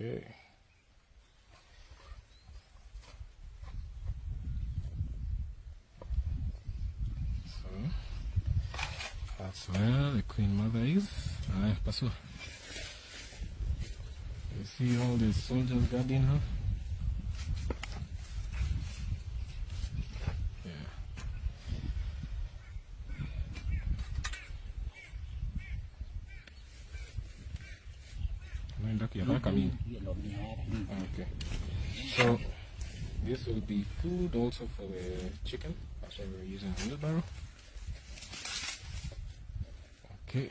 Okay. So that's where the Queen Mother is. Ah, Pastor. You see all these soldiers guarding her? Aenda kiraka mimi. Okay. So this will be food also for the uh, chicken. That's why we're using the wheelbarrow. Okay.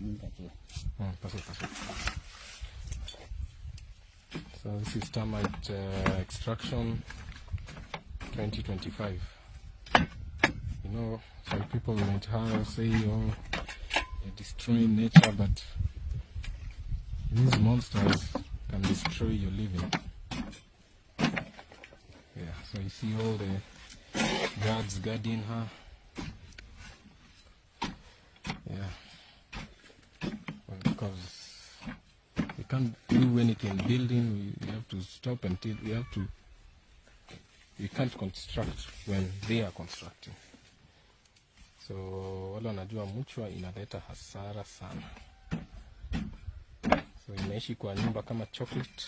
Oh, mm, pass it, pass it. So this is termite uh, extraction 2025. You know, some people might have say, oh, are destroying nature, but these monsters can destroy your living. Yeah, so you see all the guards guarding her. Yeah, well, because we can't do anything building. We have to stop until we have to. We can't construct when they are constructing. So wale wanajua mchwa inaleta hasara sana. So inaishi kwa nyumba kama chocolate.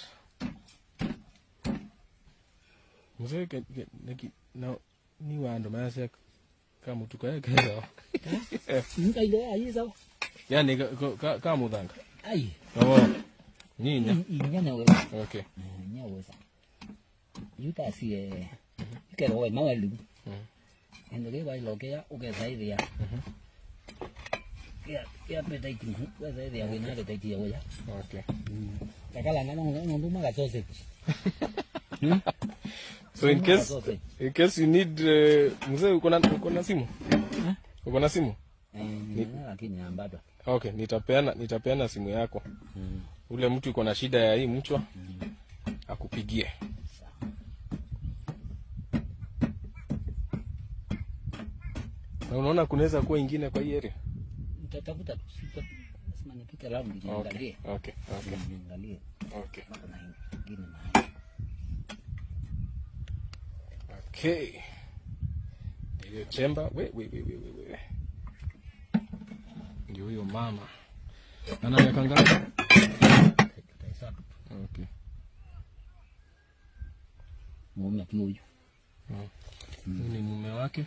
Mzee na ni wando ndo maana kama mtu kaya kaya. Nika ile Ya ni yani kama mudanga. Ai. Sawa. Ni ni. Ni ni wewe. Okay. Ni wewe. Yuta si eh. Kero wewe mawalu. Mhm endelevailokea ukesaithia kiapetaitiukesaithia kinaketaitie uya takalana So in case, in case you need mzee eh, uko ¿Eh? eh, na uko na simu? Uko na simu? Okay, nitapeana nitapeana simu yako. Mm. Ule mtu uko na shida ya hii mchwa mm. akupigie. Na unaona kunaweza kuwa ingine kwa hii area? Nitatafuta sita sema nipite lamu niangalie. Okay. Okay. Niangalie. Okay. Kuna ingine mahali. Okay. Hiyo chemba, we we we we we. Ndio huyo mama. Ana miaka ngapi? Okay. Mume mm. Huyu ni mume wake.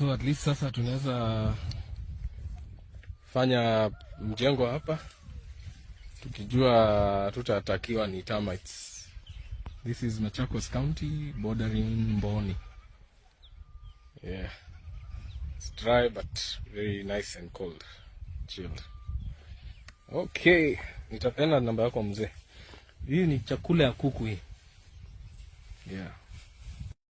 So at least sasa tunaweza fanya mjengo hapa tukijua tutatakiwa ni termites. This is Machakos County bordering Mboni. Yeah. It's dry but very nice and cold. Chilled. Okay, nitapenda namba yako mzee. Hii ni chakula ya kuku hii. Yeah.